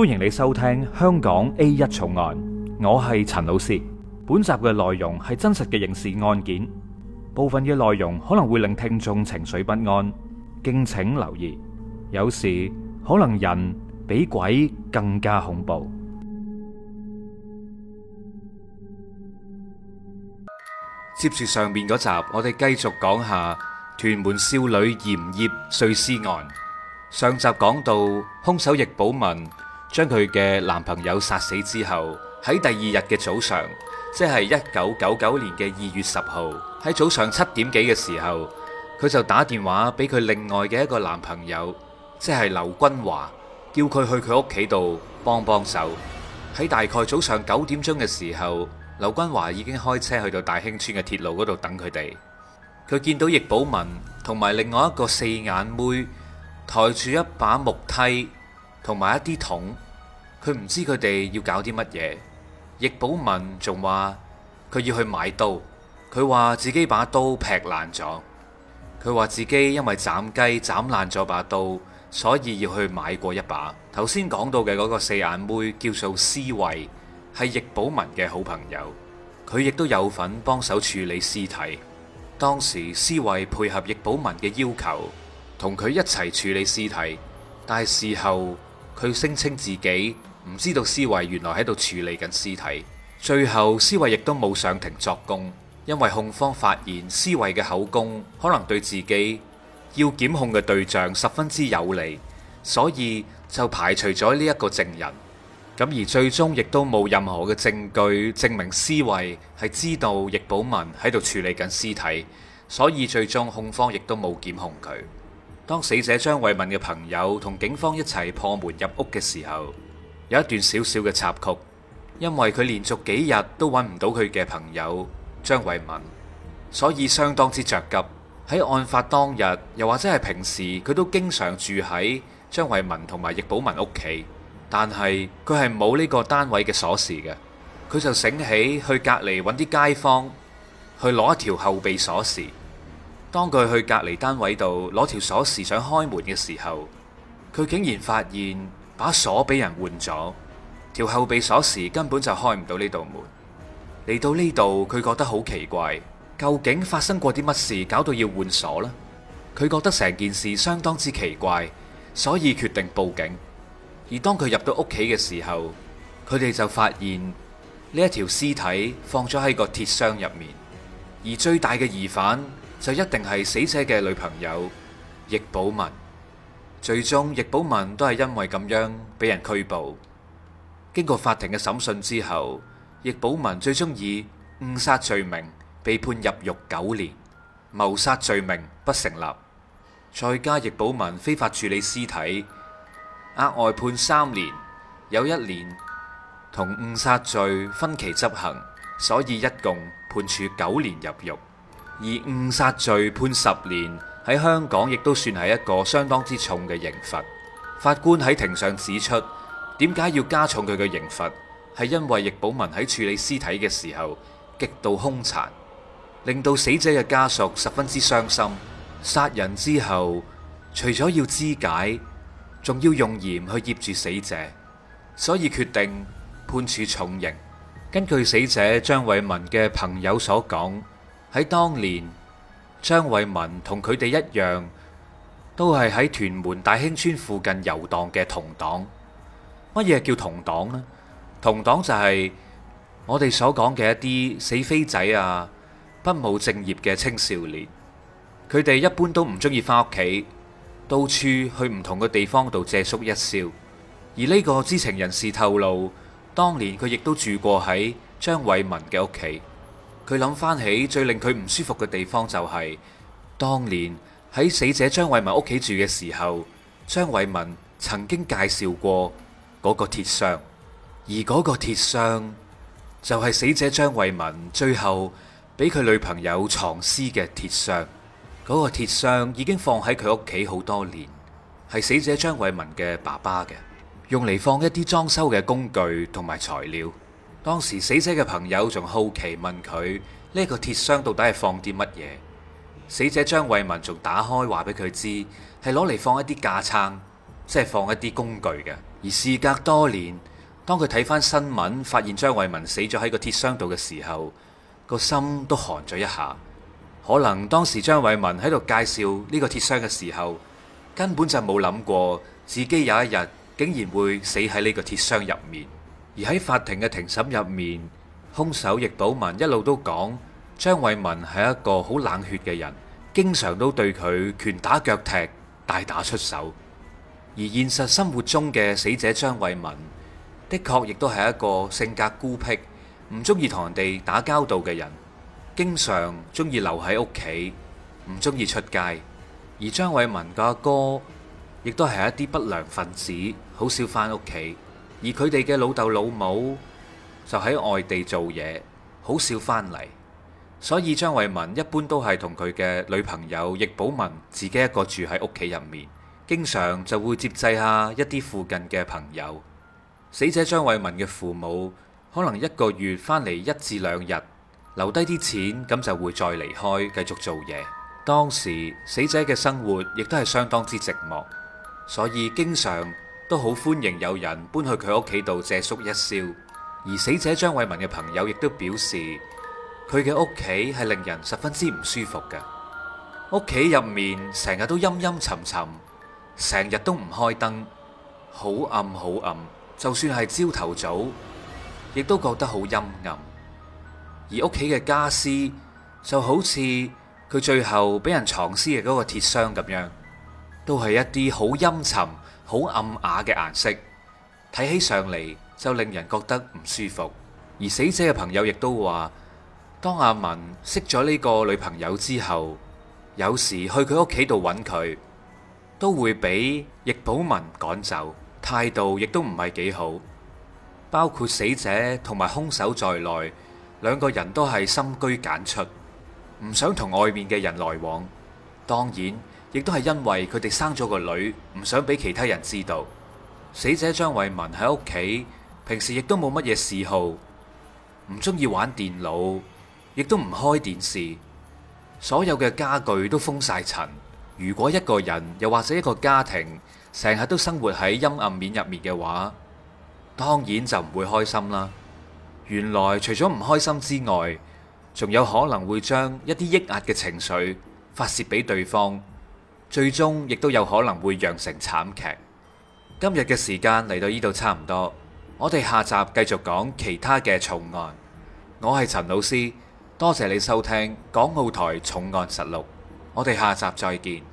歡迎你收聽香港 A 一重案，我係陳老師。本集嘅內容係真實嘅刑事案件，部分嘅內容可能會令聽眾情緒不安，敬請留意。有時可能人比鬼更加恐怖。接住上面嗰集，我哋繼續講下屯門少女鹽醃碎屍案。上集講到兇手易保文。將佢嘅男朋友殺死之後，喺第二日嘅早上，即係一九九九年嘅二月十號，喺早上七點幾嘅時候，佢就打電話俾佢另外嘅一個男朋友，即係劉君華，叫佢去佢屋企度幫幫手。喺大概早上九點鐘嘅時候，劉君華已經開車去到大興村嘅鐵路嗰度等佢哋。佢見到易寶文同埋另外一個四眼妹抬住一把木梯。同埋一啲桶，佢唔知佢哋要搞啲乜嘢。易寶文仲話佢要去買刀，佢話自己把刀劈爛咗，佢話自己因為斬雞斬爛咗把刀，所以要去買過一把。頭先講到嘅嗰個四眼妹叫做思慧，係易寶文嘅好朋友，佢亦都有份幫手處理屍體。當時思慧配合易寶文嘅要求，同佢一齊處理屍體，但係事後。佢聲稱自己唔知道思維原來喺度處理緊屍體，最後思維亦都冇上庭作供，因為控方發現思維嘅口供可能對自己要檢控嘅對象十分之有利，所以就排除咗呢一個證人。咁而最終亦都冇任何嘅證據證明思維係知道易保文喺度處理緊屍體，所以最終控方亦都冇檢控佢。當死者張偉文嘅朋友同警方一齊破門入屋嘅時候，有一段小小嘅插曲。因為佢連續幾日都揾唔到佢嘅朋友張偉文，所以相當之着急。喺案發當日，又或者係平時，佢都經常住喺張偉文同埋易寶文屋企，但係佢係冇呢個單位嘅鎖匙嘅，佢就醒起去隔籬揾啲街坊去攞一條後備鎖匙。當佢去隔離單位度攞條鎖匙，想開門嘅時候，佢竟然發現把鎖俾人換咗，條後備鎖匙根本就開唔到呢道門。嚟到呢度，佢覺得好奇怪，究竟發生過啲乜事，搞到要換鎖呢？佢覺得成件事相當之奇怪，所以決定報警。而當佢入到屋企嘅時候，佢哋就發現呢一條屍體放咗喺個鐵箱入面，而最大嘅疑犯。就一定係死者嘅女朋友易寶文，最終易寶文都係因為咁樣俾人拘捕。經過法庭嘅審訊之後，易寶文最終以誤殺罪名被判入獄九年，謀殺罪名不成立，再加易寶文非法處理屍體，額外判三年，有一年同誤殺罪分期執行，所以一共判處九年入獄。而誤殺罪判十年，喺香港亦都算係一個相當之重嘅刑罰。法官喺庭上指出，點解要加重佢嘅刑罰，係因為易寶文喺處理屍體嘅時候極度兇殘，令到死者嘅家屬十分之傷心。殺人之後，除咗要肢解，仲要用鹽去醃住死者，所以決定判處重刑。根據死者張偉文嘅朋友所講。喺當年，張偉民同佢哋一樣，都係喺屯門大興村附近遊蕩嘅同黨。乜嘢叫同黨呢？同黨就係我哋所講嘅一啲死飛仔啊，不務正業嘅青少年。佢哋一般都唔中意返屋企，到處去唔同嘅地方度借宿一宵。而呢個知情人士透露，當年佢亦都住過喺張偉民嘅屋企。佢諗翻起最令佢唔舒服嘅地方，就係當年喺死者張偉民屋企住嘅時候，張偉民曾經介紹過嗰個鐵箱，而嗰個鐵箱就係死者張偉民最後俾佢女朋友藏屍嘅鐵箱。嗰個鐵箱已經放喺佢屋企好多年，係死者張偉民嘅爸爸嘅，用嚟放一啲裝修嘅工具同埋材料。當時死者嘅朋友仲好奇問佢呢個鐵箱到底係放啲乜嘢？死者張惠民仲打開話俾佢知係攞嚟放一啲架撐，即係放一啲工具嘅。而事隔多年，當佢睇翻新聞，發現張惠民死咗喺個鐵箱度嘅時候，個心都寒咗一下。可能當時張惠民喺度介紹呢個鐵箱嘅時候，根本就冇諗過自己有一日竟然會死喺呢個鐵箱入面。而喺法庭嘅庭審入面，兇手易寶文一路都講張偉文係一個好冷血嘅人，經常都對佢拳打腳踢，大打出手。而現實生活中嘅死者張偉文的確亦都係一個性格孤僻、唔中意同人哋打交道嘅人，經常中意留喺屋企，唔中意出街。而張偉文嘅哥亦都係一啲不良分子，好少返屋企。而佢哋嘅老豆老母就喺外地做嘢，好少返嚟，所以張偉文一般都係同佢嘅女朋友易寶文自己一個住喺屋企入面，經常就會接濟下一啲附近嘅朋友。死者張偉文嘅父母可能一個月返嚟一至兩日，留低啲錢咁就會再離開，繼續做嘢。當時死者嘅生活亦都係相當之寂寞，所以經常都好歡迎有人搬去佢屋企度借宿一宵。而死者張偉民嘅朋友亦都表示，佢嘅屋企係令人十分之唔舒服嘅。屋企入面成日都陰陰沉沉，成日都唔開燈，好暗好暗。就算係朝頭早，亦都覺得好陰暗。而屋企嘅家私就好似佢最後俾人藏屍嘅嗰個鐵箱咁樣，都係一啲好陰沉。好暗啞嘅顏色，睇起上嚟就令人覺得唔舒服。而死者嘅朋友亦都話，當阿文識咗呢個女朋友之後，有時去佢屋企度揾佢，都會俾易寶文趕走，態度亦都唔係幾好。包括死者同埋兇手在內，兩個人都係深居簡出，唔想同外面嘅人來往。當然。亦都係因為佢哋生咗個女，唔想俾其他人知道。死者張慧文喺屋企平時亦都冇乜嘢嗜好，唔中意玩電腦，亦都唔開電視。所有嘅家具都封晒塵。如果一個人又或者一個家庭成日都生活喺陰暗面入面嘅話，當然就唔會開心啦。原來除咗唔開心之外，仲有可能會將一啲抑壓嘅情緒發洩俾對方。最終亦都有可能會釀成慘劇。今日嘅時間嚟到呢度差唔多，我哋下集繼續講其他嘅重案。我係陳老師，多謝你收聽《港澳台重案實錄》，我哋下集再見。